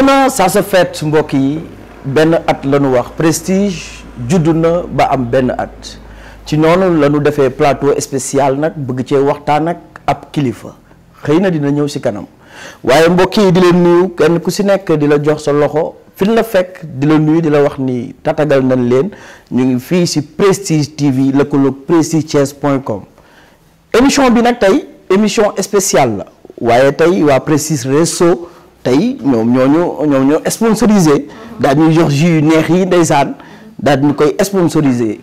un an ça se fête mboki Ben at lañu wax prestige juduna ba am Ben at ci non lañu défait plateau spécial nak bëgg ci waxtaan ak ab kilifa xeyna dina ñëw si kanam waye mbokki di leen nuyu kenn ku si nekk di la jox sa loxo fi la fekk di la nuyu la wax ni tatagal nañ leen ñu ngi prestige TV lëkkaloog Prestigechess.com. émission bi nak tay émission spéciale la waaye wa waa réseau. Nous nous ñooñu sponsorisé sponsorisé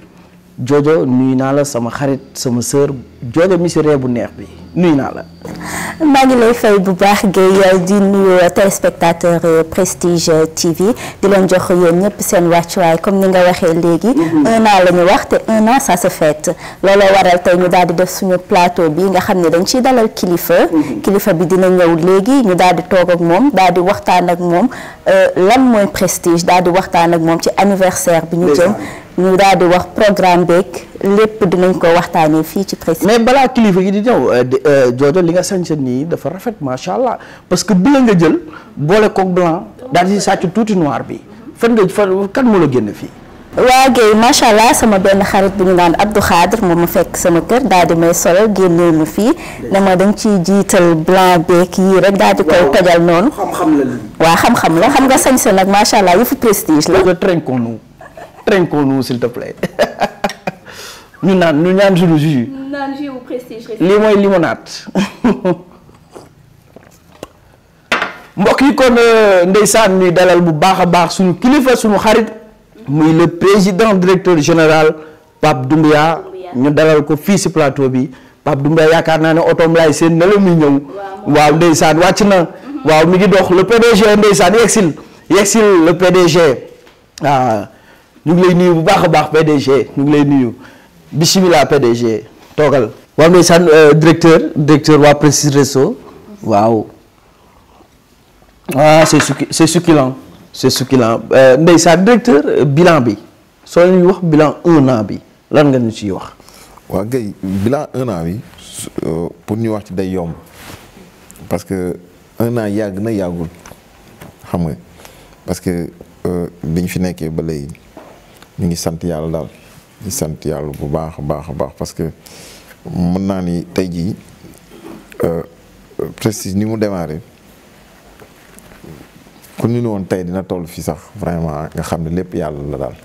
Jojo nuyu naa la sama xarit sama sœur Jojo mi si ree bu neex bi nuyu naa la. maa ngi lay fay bu baax Guèye di nuyu téléspectateur Prestige TV di leen jox yéen ñëpp seen wàccuwaay comme ni nga waxee léegi. Mhm. un an la wax te un an ça se fête looloo waral tey ñu daal di def suñu plateau bi nga xam ne dañ ciy dalal kilifa. Mhm. kilifa bi dina ñëw léegi ñu daal di toog ak moom daal di waxtaan ak moom euh, lan mooy Prestige daal di waxtaan ak moom ci anniversaire bi ñu jëm. mu daal di wax programme beeg lépp dinañ ko waxtaanee fii ci président. mais balaa kilifa yi di ñëw euh, euh, Jojo li nga sañse nii dafa rafet macha allah parce que bleu nga jël boole ko blanc daal di sàcc tuuti noir bi fan nga fan kan moo la génn fii. waa Guèye macha allah sama benn xarit bu ñu naan Abdou Khadir moom ma fekk sama kër daal di may solo génnee ma fii ne ma da nga ciy jiital blanc beeg yii rek daal koy tojal noonu. xam waa xam-xam la xam nga sañse nag macha allah yëfu prestige la. trinquons-nous s'il te plaît ñu naan ñu ñaan suñu jus. naan jus au prestige. lii mooy limonade mbokk yi kon euh, ndeysaan ñuy dalal bu baax a baax suñu kilifa suñu xarit. muy le président directeur général Pape Doumbia. ñu dalal ko fii si plateau bi Pape Doumbia yaakaar naa ne otoom laay seen ne la muy ñëw. waaw ndeysaan wàcc na. Mhm. waaw mi ngi dox le PDG ndeysaan Yexil, Yexil, le PDG ah. Nous, les lay bu PDG nous lay PDG euh, directeur directeur Précis Réseau. Ah, c'est succulent, c'est succulent c'est euh, le directeur euh, bilan bi bilan un an bi lan nga bilan un an pour wax ci parce que un an na xam parce que bi fi ñu ngi sant yàlla daal di sant yàlla bu baax a baax a baax parce que mën naa ni tey jii euh, prestige ni mu démarré ku ñu ne woon tey dina toll fii sax vraiment nga xam ne lépp yàlla la daal.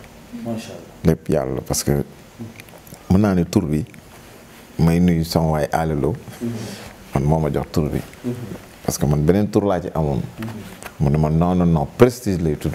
lépp yàlla parce que mën naa ni tur bi may nuyu sama waaye alelo. Mm-hmm. man moo ma jox tur bi. Mm-hmm. parce que man beneen tur laa ci amoon. Mm-hmm. mu ne ma non non non prestige lay tudd.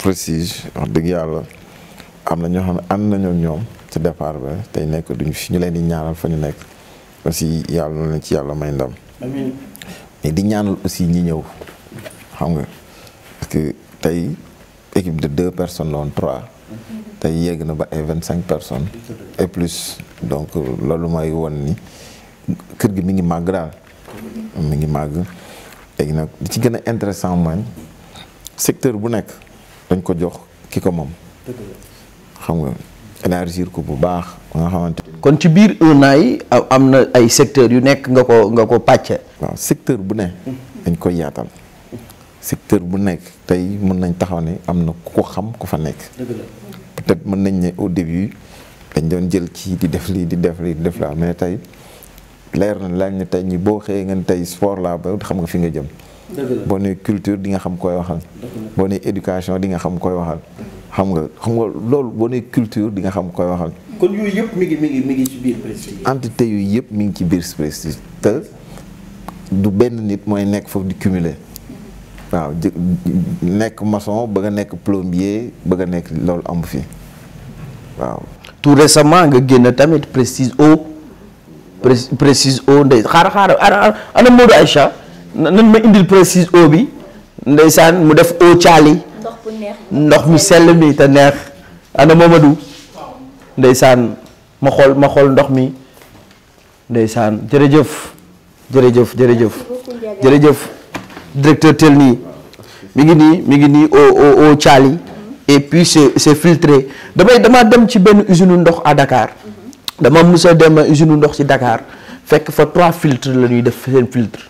prestige wax dëgg yàlla am na ñoo xam ne ànd nañoo ñoom ci départ tey nekk duñu ñu leen di ñaanal fa ñu nekk aussi yàlla na leen ci yàlla may ndam. di ñaanal aussi ñi ñëw xam nga tey équipe de deux personnes la woon tey yegg na ba ay vingt cinq personnes. et plus donc loolu mooy woon ni kër gi mi ngi màgg daal. mi ngi màgg léegi nag li ci gën a intéressant mooy secteur bu nekk. dañ ko jox ki ko moom. xam nga élargir ko bu baax nga xamante kon ci biir un an am na ay secteurs yu nekk nga ko nga ko pàcce. waaw secteur bu ne. dañ koy yaatal. secteur bu nekk tey mën nañ taxaw ne am na ku ko xam ku fa nekk. peut-être mën nañ ne au début dañ doon jël ci di def lii di def lii di def laa mais tey leer na laaj na tey ñi boo xëyee ngeen tey sport laa ba xam nga fi nga jëm. boo nee culture di nga xam koy waxal boo nee éducation di nga xam koy waxal xam nga xam nga loolu boo nee culture di nga xam koy waxal kon yooyu yëpp mu ngi ci biir Prestige entité du benn nit mooy nekk foofu di cumuler waaw nekk maçon bëgg a nekk plombier bëgg a nekk loolu amu fi waaw tout récemment nga génn tamit Prestige eau Prestige eau ndey xaar xaar ana Modou Aïcha nan ma indil précise eau bi ndeysaan mu def eau caali ndox mi sel mi te neex ana momadou ndeysaan ma xol ma xol ndox mi ndeysaan jërëjëf jërëjëf jërëjëf jërëjëf directeur tel nii mi ngi ni mi ngi ni eau eau chali et puis c'est c'est filtré damay dama dem ci ben usine ndox à Dakar mhm. dama musa dem usine ndox ci Dakar fekk fa trois filtres lañuy def sen filtre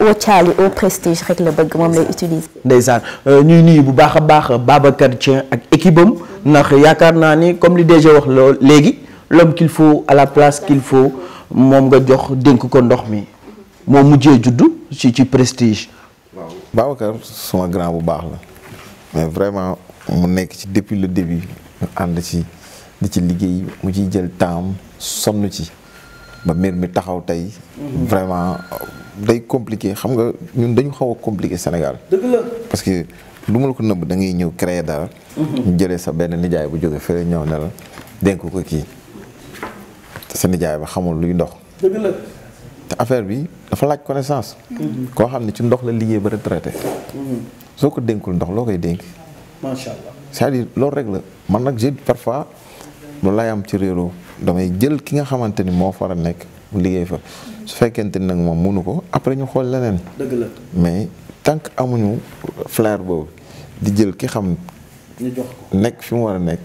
au caali au prestige rek le bëgg mom lay utiliser. ndeysaan euh, ñuy nuyu bu baax a baax Babacar Dieng ak équipe nak ndax yaakaar ni comme li DG wax loolu léegi l'homme qu'il faut à la place qu'il faut mom nga jox denk ko ndox mi mom mujjé juddu ci ci prestige. waaw Babacar suma grand bu baax la mais vraiment mu nekk ci depuis le début ñu ànd ci di ci liggéey mu ci jël temps sonn ci. ba mbir mi taxaw tey. vraiment day compliqué xam nga ñun dañu xaw a compliqué Sénégal. dëgg la parce que lu ma ko nëbb da ngay ñëw créer dara. Mhm. ñu jëlee sa benn nijaay bu jóge fële ñëw ne la dénk ko kii te sa nijaay ba xamul luy ndox. te affaire bi dafa laaj connaissance. Mhm. koo xam ne ci ndox la liggéey ba retraité. Mhm. soo ko dénkul ndox loo koy dénk. macha allah cest à loolu rek la man nag j'ai parfois loolu laay am ci réeróo. damay jël ki nga xamante ni moo fara nekk liggéey fa su fekkente ni nag moom munu ko après ñu xool leneen. dëgg la mais tant que amuñu flair boobu di jël ki xam. ñu jox ko nekk war a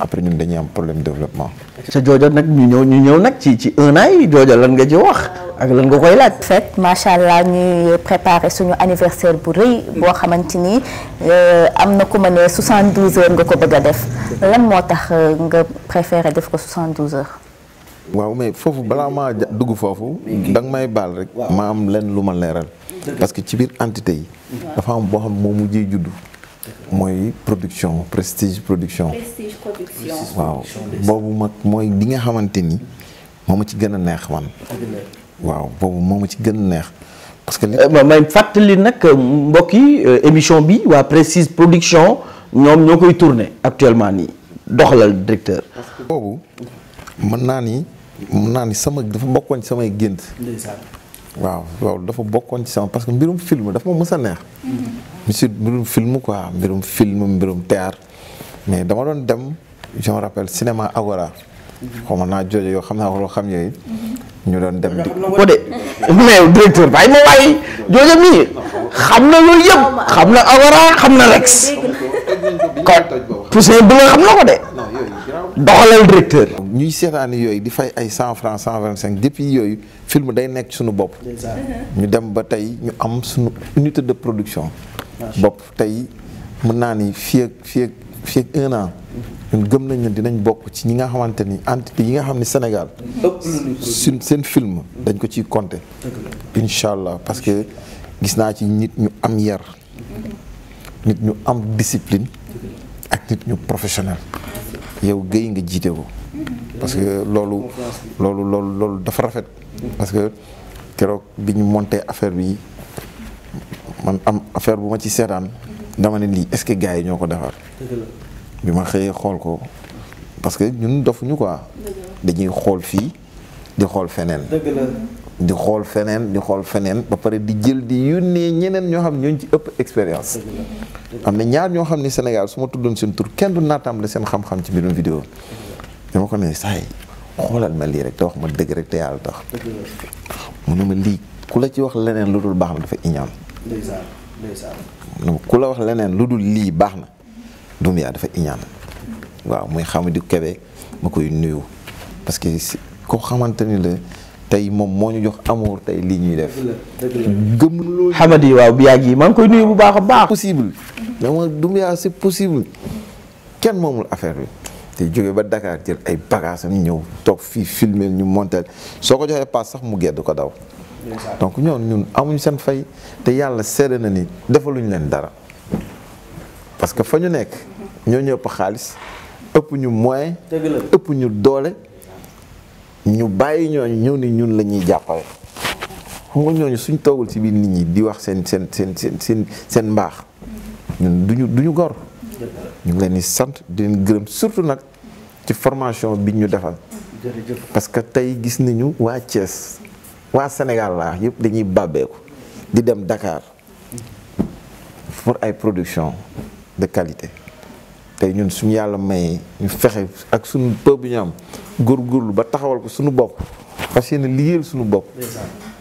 après ñun dañuy am problème de développement. sa jojo nak ñu ñëw ñu ñëw nag ci ci un an yi jojo lan nga ci wax ak lan nga koy laaj. en fait macha allah ñuy préparé suñu anniversaire bu reuy bo xamanteni euh amna na ku ma ne 72 heures nga ko bëgg def lan mo tax euh, nga préféré def ko 72 heures. waaw mais fofu balaa maa dugg foofu. da nga may baal rek. ma am lenn luma ma parce que ci bir entité yi. dafa am bo xam moo mujjee juddu. mooy production prestige production. waaw boobu mag mooy bi nga xamante ni moom ma ci gën a neex man. waaw boobu moom ma ci gën a neex. parce que li euh, may fàttali nag euh, mbokk yi euh, émission bi waa prestige production ñoom ñoo koy tourné actuellement nii doxalal directeur. boobu mën naa ni mën naa ni sama dafa bokkoon samay gént. waaw loolu dafa bokkoon ci sama parce que mbirum film dafa ma mës a neex. Mm-hmm. musique mbirum film quoi mbirum film mbirum théâtre mais dama doon dem je me rappelle cinéma Agora. xaw ma naa joojo yoo xam naa loo xam yooyu. ñu doon dem di ko de. mais directeur baay ma waay joojo mii xam na loolu yëpp xam na Agora xam na Rex. kon Poussin bi nga xam na ko de. doxalal directeur. ñuy seetaan yooyu di fay ay cent franc cent vingt cinq depuis yooyu film day nekk suñu bopp. ñu dem ba tey ñu am suñu unité de production. bopp tay mën naa ni fii ak fii ak an ñun gëm nañ dinañ bok ci ñi nga xamante entité yi nga xamni Sénégal sen film dañ ko ci compter inshallah parce que gis naa ci nit ñu am yar nit ñu am discipline ak nit ñu professionnel yow geey nga jité ko parce que lolu lolu lolu dafa rafet parce que kérok biñu monter affaire bi man am affaire bu ma ci seetaan dama ne lii est-ce que gars yi ñoo ko defar bi ma xëyee xool ko parce que ñun dofuñu quoi dañuy xool fii di xool feneen di xool feneen di xool feneen ba pare di jël di yónnee ñeneen ñoo xam ñooñ ci ëpp expérience am na ñaar ñoo xam ne Sénégal suma ma tuddoon seen tur kenn du naataamle seen xam-xam ci mbirum vidéo dama ko ne saay xoolal ma lii rek te wax ma dëgg rek te yàlla tax mu ne ma lii ku la ci wax leneen lu dul baax la dafa iñaan ndeysaan ndeysaan ku la wax leneen lu dul lii baax na dum yaa dafa iñaan waaw muy Hamidou Kébé ma koy nuyu parce que ko xamante ni la tey moom moo ñu jox amour tey lii ñuy def gëm loolu Hamadi waaw bi yàgg yi maa ngi koy nuyu bu baax a baax possible dama dum yaa c'est possible kenn moomul affaire bi te jóge ba Dakar jël ay bagages am ñëw toog fii filmer ñu montel soo ko joxee paas sax mu gedd ko daw donc ñoon ñun amuñu seen fay te yàlla seede na ni defaluñ leen dara parce que fa ñu nekk ñoo ñu ëpp xaalis ëpp ñu moyen ëpp ñu doole ñu bàyyi ñoo ñëw ni ñun la ñuy jàppale xam nga ñooñu suñ toogul ci biir nit ñi di wax seen seen seen seen seen seen mbaax ñun duñu du ñu gor ñu ngi leen di sant di leen gërëm surtout nag ci formation bi ñu defal parce tey gis nañu waa Thiès wa Sénégal laa yëpp dañuy bàbbeeku di dem Dakar pour ay production de qualité tay ñun suñu Yalla may ñu fexe ak suñu peuple bi ñu am ba taxawal ko suñu bopp fas yéene liggéeyal suñu bopp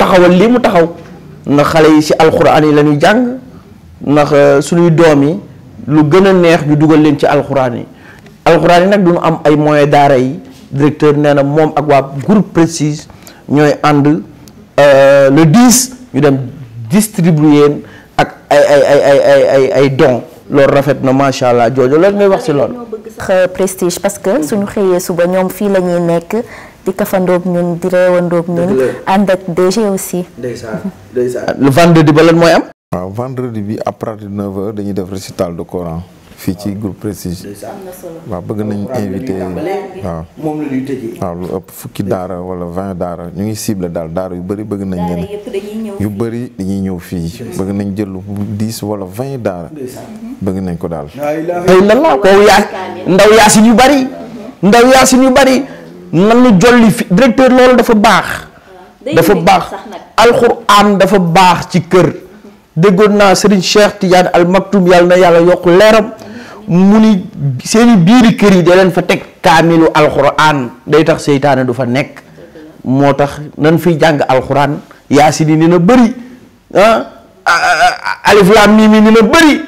taxawal lii mu taxaw ndax xale yi ci alxuraan yi la ñuy jàng ndax euh, suñuy doom yi lu gën a neex ñu dugal leen ci alxuraan yi alxuraan yi nag du ñu am ay moyen daara yi directeur nee na moom ak waa groupe précise ñooy ànd euh, le 10 ñu dem distribuer ak ay ay ay ay loolu rafet na macha allah joojo loolu ngay wax ci loolu. bëgg euh, prestige parce que suñu xëyee suba ñoom fii la ñuy nekk. di kafandoog ñun di reewandoog ñun ànd ak DG aussi mhm. le vendredi ba lan mooy am waaw vendredi bi à partir de dañuy def récital de Coran fii ci groupe Prestige waa bëgg nañ invité waa waaw lu ëpp fukki daara wala vingt daara ñu ngi cible daal daara yu bëri bëgg nañ leen yu bëri dañuy ñëw fii bëgg nañ jël lu dix wala vingt daara mhm. bëgg nañ ko daal tey lan la yaasin yu bëri ndaw yaasin yu bëri man ñu jolli fi directeur lolou dafa bax dafa bax alquran dafa bax ci keur degon na Serigne Cheikh Tidiane al Maktoum yàlla na yàlla yokk muni mu ni seeni biiri kër yi da leen fa tek kamilu alquran day tax seytaane du fa nek motax nan fi jang alquran yasin ni na beuri ah, ah, ah alif lam mim ni na beuri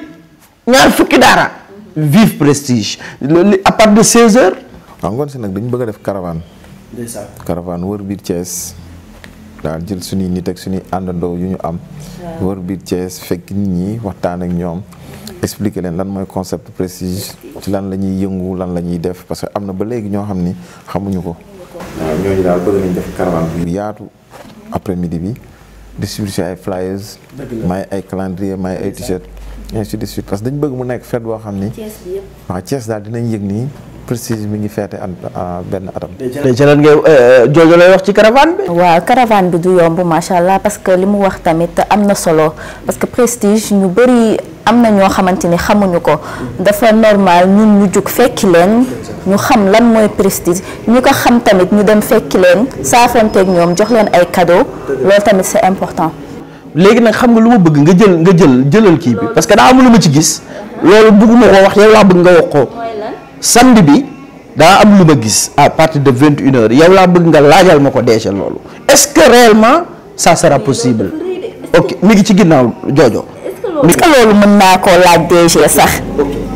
ñaar fukki dara vive prestige à part de 16 heures angon si nak dañu bëgg def caravane ndeysa caravane wër bir Thiès dal jël suñuy nit ak suñuy andando yu ñu am ya. wër bir Thiès fekk nit ñi waxtaan ak ñom expliquer len lan moy concept précis ci lan lañuy yëngu lan lañuy def parce que amna ba légui ño xamni xamuñu ko ñoo ñu dal bëgg nañ def caravane bu yaatu après midi bi distribution ay flyers may ay calendrier may ay t-shirt ainsi de suite parce que dañ bëgg mu nekk fête bo xamni boo bi ni waaw Thiès dal dinañ yëg ni prestige mi ngi feete at euh, benn atam. déjà lan ngay euh, euh, joojo lay wax ci caravane bi. waaw caravane bi du yomb macha allah parce que li mu wax tamit am na solo parce que prestige ñu bëri am na ñoo xamante ni xamuñu ko. dafa normal ñun ñu jug fekki leen. ñu xam lan mooy prestige ñu ko xam tamit ñu dem fekki leen saa saafanteeg ñoom jox leen ay cadeau loolu tamit c'est important. léegi nag xam nga lu ma bëgg nga jël nga jël jëlal kii bi parce que daa am lu ma ci gis. loolu bëgguma ko wax yow laa bëgg nga wax samedi bi daa am lu ma gis à partir de vingt une heures yow laa bëgg nga laajal ma ko déjà loolu est-ce que réellement ça sera possible ok mi ngi ci ginnaaw joojo est-ce que loolu mën naa koo laaj déjà sax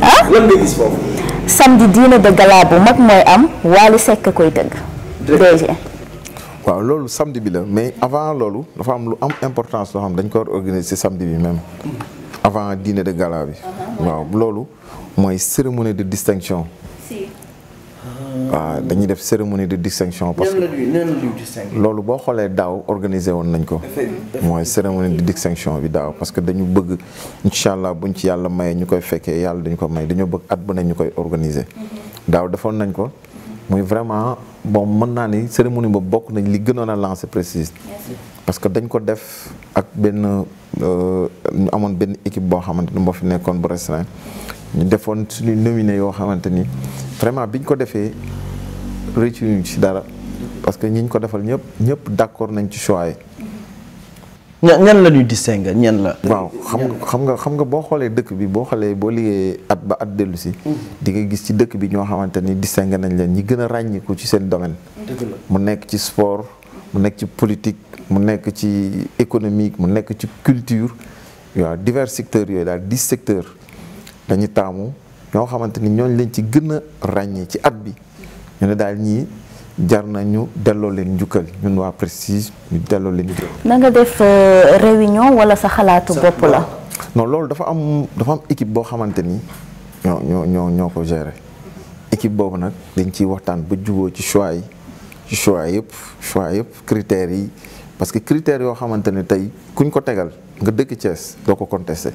ah lan de gala mag mooy am Wally Seck koy dëgg déjà waaw loolu samedi bi la mais avant loolu dafa am lu am importance loo xam dañ ko war organiser samedi bi même avant dîner de gala bi ah. waaw loolu moy cérémonie de distinction. si. ah dañuy def cérémonie de distinction. parce que lolu bo xolé daw organiser won nañ ko. moy cérémonie de distinction bi daw parce que dañu bëgg incha buñ ci yalla may ñukoy féké yalla dañ ko may dañu bëgg at bu nañ ñukoy koy organiser. Mhm. daaw defoon nañ ko. moy vraiment bon mën naa ni cérémonie boobu bok nañ li gënon na lancer précise. parce que dañ ko def ak benn euh, ñu amone ben équipe bo xamanteni ni fi nekkoon bu restreint ñu defoon suñu nominé yoo xamante ni vraiment ñu ko defee rëccuñu ci dara parce que ñiñ ko defal ñëpp ñëpp d'accord nañ ci choix yi. ñan la ñuy distinguer ñan la. waaw xam nga xam nga xam nga boo xoolee dëkk bi boo xoolee boo liggéeyee at ba at dellu si. Mm. di nga gis ci dëkk bi ñoo xamante ni distinguer nañ leen ñi gën a ràññiku ci seen domaine. mu nekk ci sport mu nekk ci politique mu nekk ci économique mu nekk ci culture waaw divers secteur yooyu daal dix secteurs. dañu taamu ñoo xamante ni ñooñ leen ci gën a ràññee ci at bi ñu ne daal ñii jar na ñu delloo leen njukkal ñun waa Prestige ñu delloo leen njukkal. na nga def euh, réunion wala sa xalaatu bopp la. non loolu dafa am dafa am boo xamante ni ñoo ñoo ñoo ko gérer équipe boobu nag dañ ciy waxtaan ba juboo ci choix yi ci choix yëpp choix yëpp yi parce que critères yoo xamante ne tey kuñ ko tegal nga dëkk Thiès doo ko contesté.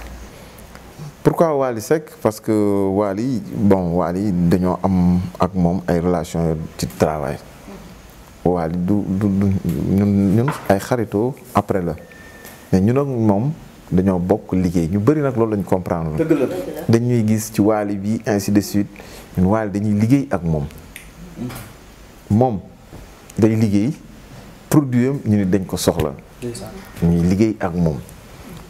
pourquoi Wali Sec parce que Wali, bon Wali, nous am des relations de relation de travail Wali, du du relations après mais ñun ak des beaucoup bokk liggéey ñu bëri Nous loolu lañ comprendre dañuy avons ci Wali ainsi de suite Nous nous dañuy avec ak Nous moom day produit nous ñu ni dañ ko soxla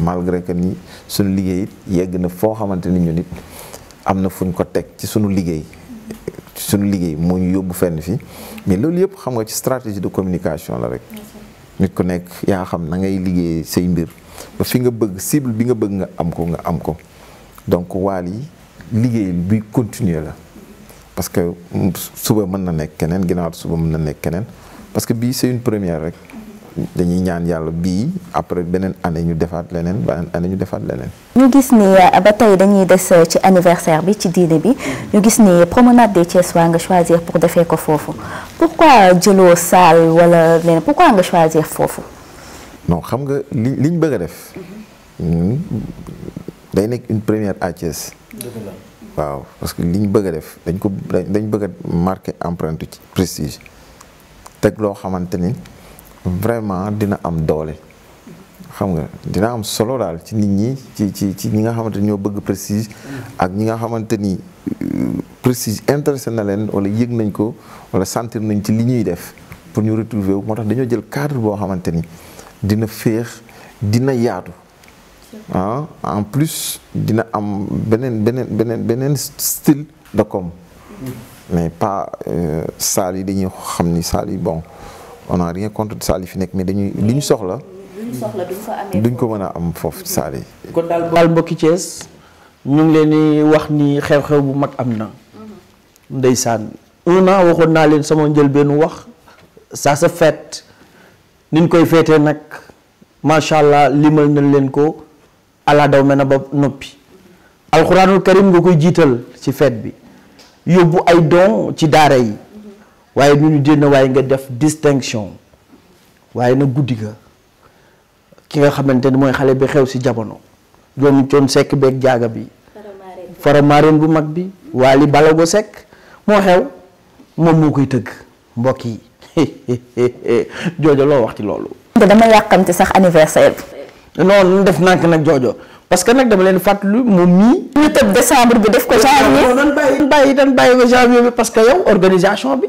malgré que ni suñu liggéey yegg na foo xamante ni ñun am na fuñ ko teg ci suñu liggéey suñu liggéey moo ñu yóbbu fenn fii mais loolu yëpp xam nga ci stratégie de communication la rek nit ko nekk yaa xam na ngay liggéey say mbir ba fi nga bëgg cible bi nga bëgg nga am ko nga am ko donc waal yi liggéey bi continuer la parce que suba mën na nekk keneen ginnaaw suba mën na nekk keneen parce que bii c'est une première rek dañuy ñaan yàlla bii après beneen année ñu defaat leneen beneen année ñu defaat leneen. ñu gis ni euh, ba tey dañuy des euh, ci anniversaire bi ci diine bi ñu gis ni promenade des Thiès waa nga choisir pour defee ko foofu pourquoi jëloo salle wala leneen pourquoi nga choisir foofu. non xam nga li liñ bëgg a def. day nekk une première à Thiès. waaw parce que liñ bëgg def dañ ko dañ bëgg a marqué empreinte ci prestige teg loo xamante ni. vraiment dina am doole xam nga dina am solo dal ci nit ñi ci ci ci ñi nga xamanteni ñoo bëgg prestige ak ñi nga xamanteni euh, prestige intéressé na leen wala yëg nañ ko wala sentir nañ ci li ñuy def pour ñu retrouver wu moo tax dañoo jël cadre boo xamanteni dina féex dina yaatu ah en plus dina am beneen beneen beneen beneen style de com mais pas euh, saal yi dañuy xam ni saal yi bon on a rien contre saal fi nekk mais dañuy li soxla. duñ ko mën a am foofu saal yi. daal mbokki Thiès ñu ngi leen wax ni xew-xew bu mag am na. Mhm. ndeysaan un an waxoon naa leen sama njëlbeenu wax ça se fête niñ koy féetee nag macha allah limal nañ leen ko ala daw mel na ba noppi. alxuraanul karim nga koy jiital ci fête bi yóbbu ay don ci daara yi. waaye nu ñu jénn waaye nga def distinction waaye na guddi ga ki nga xamante ni mooy xale bi xew si jamono doon coon sekk beeg jaaga bi faramareen bu mag bi waali balago sekk moo xew moom moo koy tëgg mbokk yi joojo loo wax ci loolu dama yàqamte sax anniversaire bi noonu def nànk nag joojo parce que nag dama leen fàttali moom mii bi def ko janvier dan bàyyi dan bàyyi ko janvier bi parce que yow organisation bi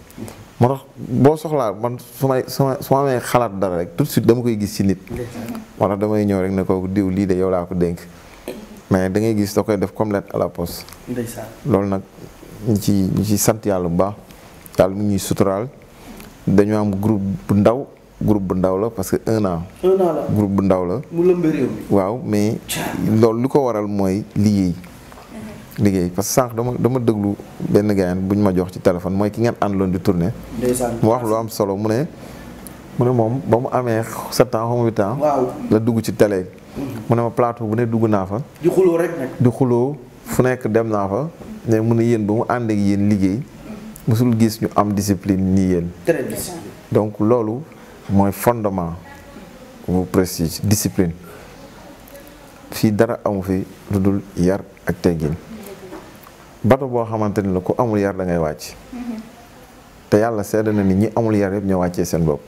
moo bo boo soxlaa man su may su ma amee xalaat dara rek tout de suite dama koy gis ci nit moo tax damay ñëw rek ne ko diw lii de yow laa ko dénk mais da ngay gis da koy def comme lettre à la poste loolu nag ñu ci ñu ci sant yàlla bu baax mu ñuy dañu am groupe bu ndaw groupe bu ndaw la parce que un an un an la groupe bu ndaw la mu mi waaw mais li waral mooy liggéey liggéey parce que dama dama déglu benn gaayan bu ñu ma jox ci téléphone mooy ki ngeen àndaloon di tourné. mu wax lu am solo mu ne. mu ne moom ba mu amee sept ans xaw huit la dugg ci télé mu ne ma plateau bu ne dugg naa fa. di xuloo rek fu nekk dem naa fa. mais mun a yéen ba mu ànd ak yéen liggéey. musul gis ñu am discipline nii yéen. donc loolu mooy fondement. bu prestige discipline. fii dara amu fi lu dul yar ak teggin. bato boo xamante ni la ku amul yar da ngay wàcc te yàlla seede na ni ñi amul yar yëpp ñoo wàccee seen bopp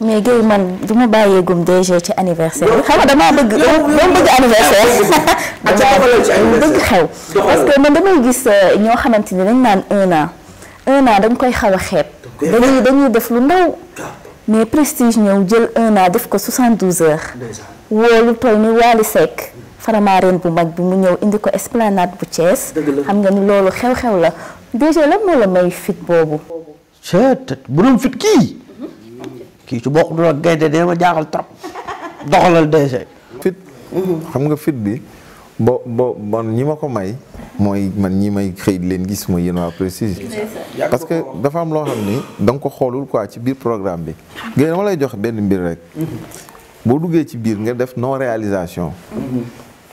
mais Guèye man du ma bàyyeegum DG ci anniversaire bi xam damaa bëgg dama bëgg anniversaire damaa bëgg xew parce que man damay gis euh, ñoo xamante ni dañ naan un an un an dañ koy xaw a xeeb dañuy def lu ndaw mais prestige ñëw jël un an def ko 72 heures wóolu toll ni Wally Seck faramareen bu mag bi mu ñëw indi ko esplanade bu Thiès. xam nga ni loolu xew-xew la déjà lan moo la may fit boobu. seet bu doon jaaxal trop doxalal déjà. fit xam nga fit bi bo ñi ma ko may. mooy man ñi may xëy leen gis mooy yéen waa Prestige parce que dafa am loo xam ni da ko xoolul quoi ci biir programme bi. gën dama lay jox benn mbir rek. Mhm. boo duggee ci biir nga def non réalisation. Mhm.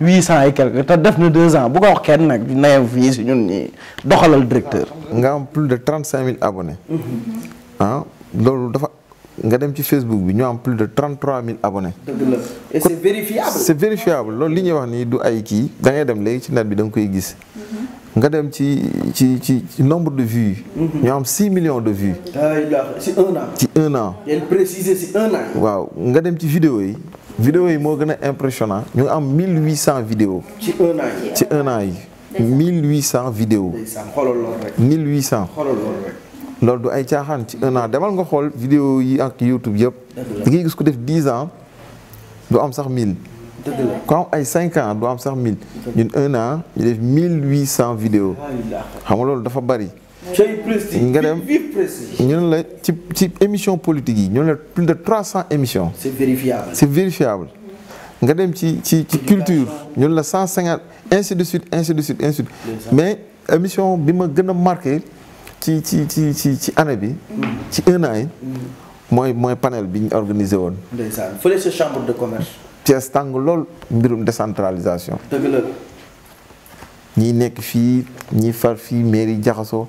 800 et quelques. Tu as devenu deux ans. Pourquoi tu as fait une vie tu le directeur Nous avons plus de 35 000 abonnés. Tu mhm. ah, avons Facebook, nous avons plus de 33 000 abonnés. Et c'est vérifiable C'est vérifiable. Ce que un nous avons c'est nombre de vues. nous avons 6 millions de vues. C'est un an. C'est un an. Il précise, c'est un an. Tu avons les vidéo yi mo gëna impressionnant ñu am 1800 vidéos. ci un an ci un an yi. 1800 vidéos. 1800 xoolal du ay tiaxan ci un an demal nga xol vidéo yi ak YouTube yëpp. da ngay gis ko def 10 ans du am sax 1000. quand ay 5 ans du am sax 1000. ñun un an ñu def 1800 vidéos. xam nga loolu dafa bari nga dem ñu ne la ci ci émission politique yi ñu la plus de 300 émissions. c'est vérifiable c'est vérifiable. nga dem ci ci culture ñu ne la cent cinquante ainsi de suite ainsi de suite ainsi de suite mais émission bi ma gën a marqué ci ci ci ci année bi. Mm. ci un an yi. Mm. mooy mooy panel bi ñu organisé woon. ndeysaan fële sa chambre de commerce. Thiès tàng lool mbirum décentralisation. dëgg nek fi, nekk far fi, mairie jaxasoo.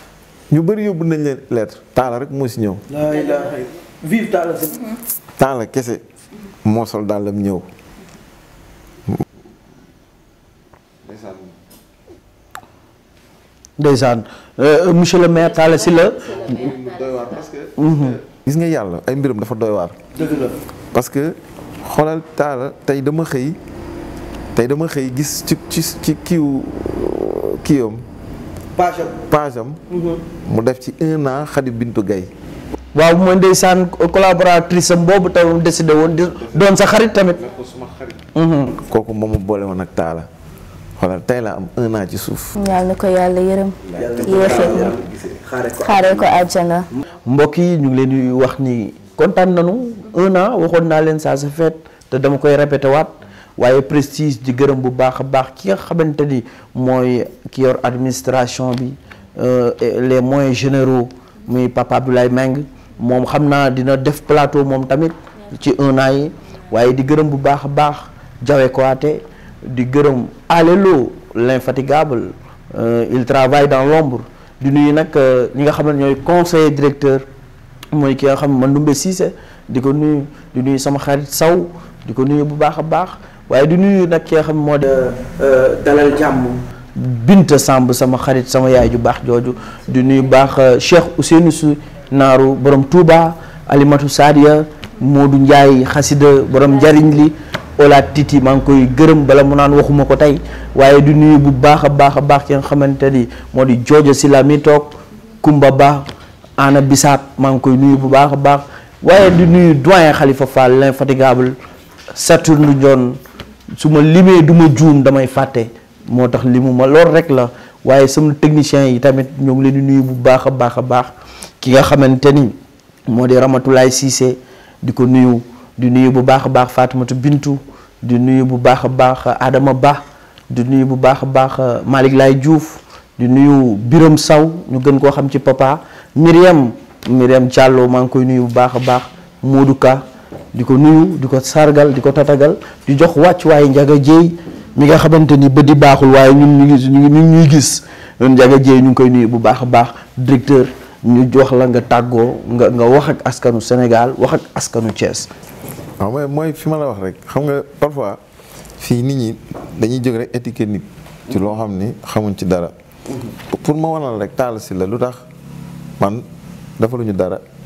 ñu bëri yóbbu nañ leen lettre taala rek moo si ñëw. vive taala kese moo sol dàllam ñëw. ndeysaan euh, monsieur le maire Talla Sylla doy gis nga yàlla ay mbiram dafa doy waar. dëgg la que xoolal taala tey dama xëy tey dama xëy gis ci ci ci kiiw kiiwam. page am mhm. mu def ci un an bintu Bintou waaw mooy ndeysaan collaboratrice am boobu tamit mu décidé woon di doon sa xarit tamit. Mhm. kooku moom mu boole woon ak taala xoolal tey la am un ci suuf. yàlla na ko yàlla yërëm. xaare ko àjjana. mbokk yi ñu ngi leen di wax nii kontaan nanu un waxoon naa leen saa se fait te dama koy répété waat. waye prestige di gërëm bu baax a baax ki nga xamante ni mooy ki yor administration bi euh, les moyens généraux muy papa Abdoulaye Meng moom xam naa dina def plateau moom tamit ci un an yi waaye di gërëm bu baax a baax Diawe Koate di gërëm alelo l'infatigable euh, il travaille dans l'ombre di nuyu nag euh, ñi nga xam ne ñooy conseiller directeur mooy ki nga xam man Mandoumbe Cissé di ko nuyu di nuyu sama xarit Saw di ko nuyu bu baax a baax waaye di nuyu nag ki xam moo de euh, dalal jàmm Binta Samb sama xarit sama yaay ju baax jooju di nuyu baax euh, Cheikh Ousseynou Sy naaru borom Touba Alimatu Sadia Modou Ndiaye xasida borom njariñ li Ola Titi maa ngi koy gërëm bala mu naan waxuma ko tey waaye di nuyu bu baax a baax a baax ki nga xamante ni moo di joojo si la mi toog Kumba Ba Ana Bisaat maa ngi koy nuyu bu baax a baax waaye di nuyu doyen Khalifa Fall l'infatigable Saturne Ndione su ma limee duma ma juum damay fàtte moo tax limu ma loolu rek la waaye sama technicien yi tamit ñoo ngi leen di nuyu bu baax a baax a baax ki nga xamante ni moo di Ramatoulaye Cissé di ko nuyu di nuyu bu baax a baax Fatoumata Bintu di nuyu bu baax a baax Adama Ba di nuyu bu baax a baax Malick Laye Diouf di nuyu Biram Saw ñu gën koo xam ci papa Myriam Myriam Diallo maa ngi koy nuyu bu baax a baax Modou Ka diko nuyu diko sargal di tatagal di jox way njaga jey mi nga xamanteni be di baxul way ñun ñu ngi ñu ngi gis ñun njaga jey ñu koy nuyu bu baax baax directeur ñu jox la nga taggo nga nga wax ak askanu senegal wax ak askanu Thiès. Ah, moy moy fi ma la wax rek xam nga parfois fi nit ñi dañuy jog rek étiquette nit. ci lo xamni xamuñ ci dara. Mhm. pour ma rek tal la lutax man dafa luñu dara.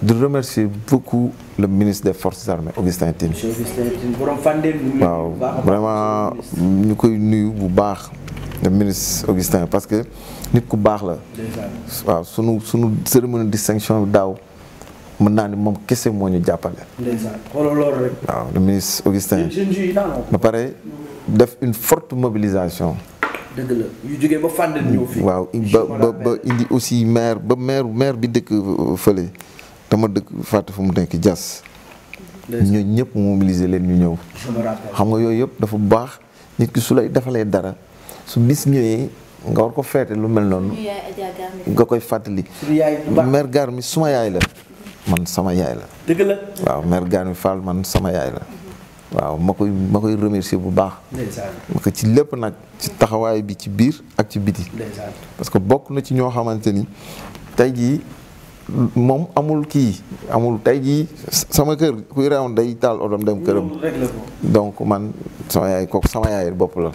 de remercier beaucoup le ministre des forces armées Augustin Tim. waaw vraiment nous koy nuyu bu le ministre Augustin parce que nit ku baax la waaw sunu sunu cérémonie de distinction bi maintenant, nous naa ni moom kese moo ñu le ministre Augustin ba a def une forte mobilisation yu jógee ba fàndal ñëw fii. waaw ba ba ba indi aussi maire ba maire maire bi dëkk euh, fële dama dëkk fàtt fu mu nekk Diass. ñoo ñëpp mobiliser leen ñu ñëw. xam nga yooyu yëpp dafa bu baax nit ki su lay defalee dara su bis ñëwee nga war ko feete lu mel noonu. nga koy fàttali. maire Garmi suma yaay la. man sama yaay la. waaw maire Garmi Fall man sama yaay la. waaw ma koy ma koy remercier bu baax. ma ci lépp nag ci taxawaay bi ci biir ak ci biti. parce que bokk na ci ñoo xamante ni tey jii moom amul kii amul tey jii sama kër kuy rewoon day taal odoom dem këram. donc man sama yaay kooku sama yaay bopp la.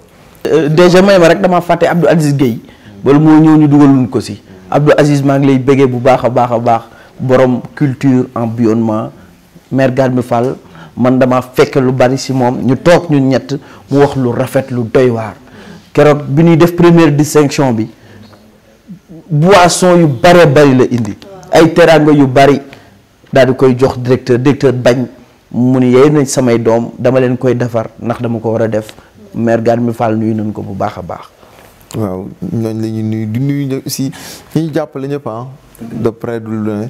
Euh, déjà may ma rek dama fàtte Abdou Aziz Guèye. wala moo ñëw ñu dugaluñ ko si. Abdou Aziz maa ngi lay bëggee bu baax a baax a baax boroom culture environnement mère Galmi fal man dama fekk lu bari si moom ñu toog ñun ñett mu wax lu rafet lu doy keroog bi ñuy def première distinction bi boisson yu bare bari la indi ay teraanga yu bari daal di koy jox directeur directeur bañ mu ni yey nañ samay doom dama leen koy defar ndax dama ko war a def maire Gane mi Fall nuyu nañ ko bu baax a baax waaw ñooñu lañuy ñuy nuyu di nuyu aussi ñi ñu jàppale ñëpp ah, de du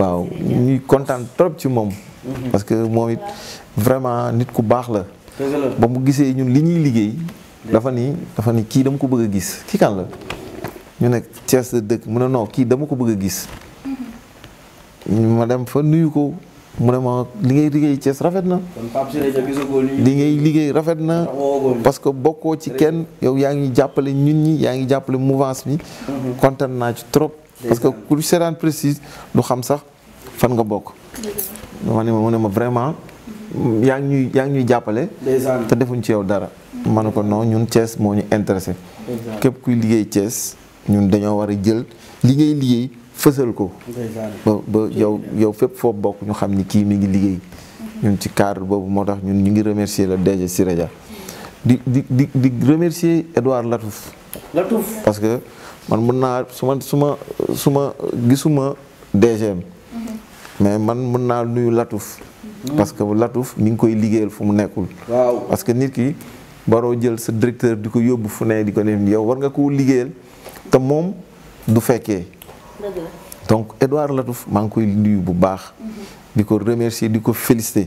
waaw ñuy kontaan trop ci moom. Mhm. parce que moom it vraiment nit ku baax la. ba mu gisee ñun li ñuy liggéey. dafa ni dafa ni kii dama ko bëgg a gis kii kan la. ñu nekk Thiès sa dëkk mu ne non kii dama ko bëgg a gis. Mhm. ma dem fa nuyu ko mu ne ma li ngay liggéey Thiès rafet na. li ngay liggéey rafet na. parce que bokkoo ci kenn yow yaa ngi jàppale ñun ñi yaa ngi jàppale mouvance bi. Mhm. kontaan naa ci trop. parce que ku serane précise du xam sax fan nga bok dama ne ma ne ma vraiment yaa ngi ñuy yaa ngi ñuy jappalé te defuñ ci yow dara. ma ko non ñun Thiès mo ñu intéressé. kep kuy liggéey Thiès ñun dañu wara jël li ngay liggéey fessel ko. ba ba yow yow fep fo bok ñu xam ni ki mi ngi liggéey. ñun ci cadre bobu motax ñun ñu ngi remercier le DG Siré di di di di remercier Edouard Latouf. Latouf parce que man mën naa suma suma suma gisuma DGM mais man mën naa nuyu Latouf mm-hmm. parce que Latouf mi ngi koy liguel fu mu nekkul waaw parce que nit ki baro jël sa directeur diko yobbu yóbbu fu ne di ne yow war nga ko liguel te mom du fekke donc Edouard Latouf mang koy nuyu bu baax mm-hmm. diko remercier diko féliciter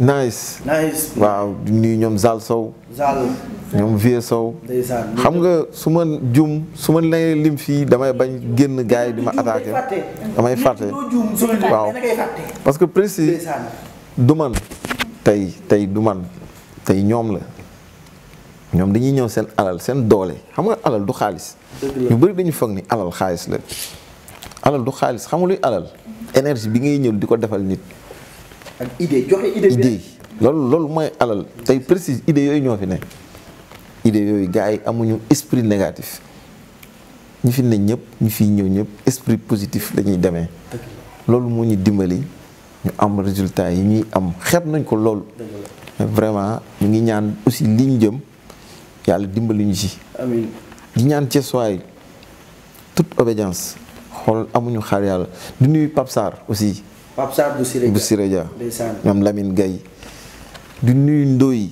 nice nice waaw nuyu ñoom Zal Sow. ñoom Vieux Sow. xam nga su ma jum su ma nee lim fii damay bañ génn gars yi di ma attaqué. damay farte waaw parce que précis du man tey tey du man tey ñoom la ñoom dañuy ñëw seen alal seen doole xam nga alal du xaalis. ñu bëri dañu foog ni alal xaalis la. alal du xaalis xam nga luy alal énergie bi ngay ñëw di ko defal nit. idée joxe idée. idée loolu loolu mooy alal précise idée yoy ñofi fi idée yoy gaay amuñu esprit négatif ñi fi ne ñëpp ñi fi ñëw ñëpp esprit positif dañuy démé loolu mo ñu dimbali ñu am résultat yi ñi am xeeb nañ ko loolu. vraiment ñu ngi ñaan aussi li ñu jëm yalla dimbali ñu ci. amin di ñaan ceesuwaay toute obédience xol amuñu xaar yalla di nuyu pap sar aussi. Pape Sarr bu Siré Dia bu Siré Dia ñoom Lamine Gaye di nuyu Ndoye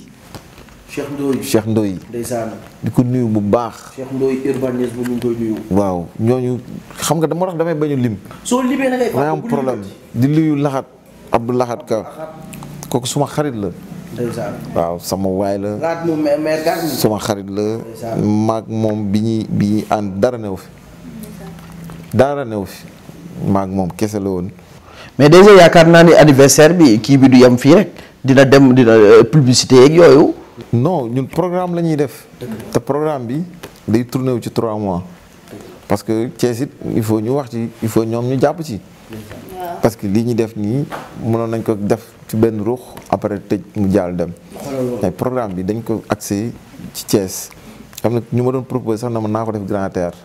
Cheikh Ndoye di ko nuyu bu baax Cheikh Ndoye ñu waaw ñooñu xam nga dama tax damay bañu lim soo limee na ngay damay am problème di nuyu laxat Abdou Laxat Ka kooku suma xarit la waaw sama waay la sama xarit la maag moom bi ñuy bi ñuy ànd dara new fi dara new fi maag moom kese la woon mais déjà yaakaar naa ni anniversaire bi kii bi du yem fii rek dina dem dina euh, publicité ak yoyou non ñun programme lañuy def. te programme bi day tourner ci 3 mois. parce que Thiès it il faut ñu wax ci il faut ñom ñu japp ci. parce que li ñuy def ni mënoon nañ ko def ci ben roux après tej mu jàll dem. mais programme bi dañ ko accès ci Thiès. xam na ñu ma doon proposé sax na ma nako def Grand terre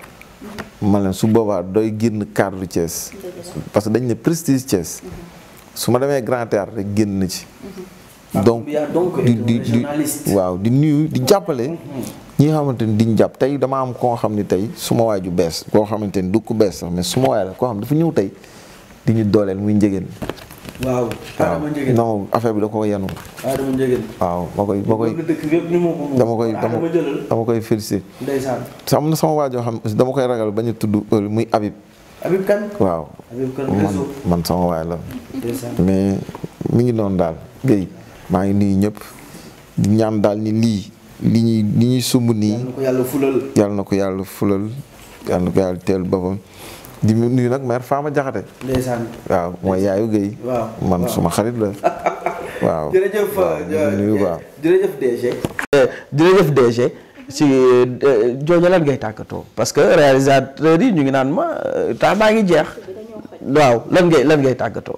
ma leen su boobaa doy génn cadre Thiès parce que dañ ne prestige Thiès su ma demee Grand Théâtre rek génn na ci ah, donc di di di waaw di nuyu di mm-hmm. jàppale mm-hmm. ñi nga xamante ni diñ jàpp tey dama am koo xam ni tey suma waay ju bees koo xamante ni du ku bees sax mais suma waay la koo xam dafa ñëw tey di ñu dooleel muy njëgeen waaw Adama Ndiéguène affaire bi da ko yanu. waaw ma koy ma koy dëkk dama koy dama sa félicité. ndeysaan. am na sama waajoo xam dama koy ragal bañ a tudd muy Habib. Habib waaw. man man sama waay la. mais mi ngi noonu daal Guèye maa ngi nuyu ñëpp ñam daal ni lii li ñuy sumb nii. yàlla na ko yàlla fulal. yàlla na ko yàlla fulal yàlla teel boppam. di nuyu nag mère faa ma ndeysaan waaw mooy yaayu Guèye. waaw man suma xarit la. waaw jërëjëf jërëjëf DG. jërëjëf DG eh, si eh, jooju lan ngay tàkkatoo parce que réalisateur yi ñu ngi naan ma temps baa ngi jeex waaw lan ngay lan ngay tàkkatoo.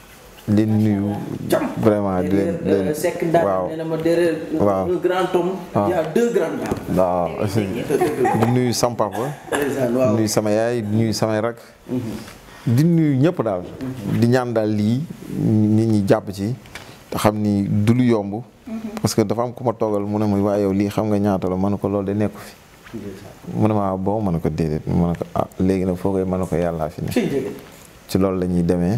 di nuyu. vraiment di leen di eh, eh, waaw waaw waaw ah. ah, eh, di nuyu sama papa. nuyu sama yaay di nuyu samay rak. Mhm. di nuyu ñëpp daal. Mhm. di ñaan daal lii nit ñi jàpp ci te xam ni dul lu yomb. Mhm. parce que dafa am ku ma toogal mu ne ma waa yow lii xam nga ñaata la ma ne ko loolu de nekku fi. mu ne ma ah, boo mën ne ko déedéet ma ne ko ah léegi nag foo koy ma ne ko yàllaa fi ne ci loolu lañuy ñuy demee.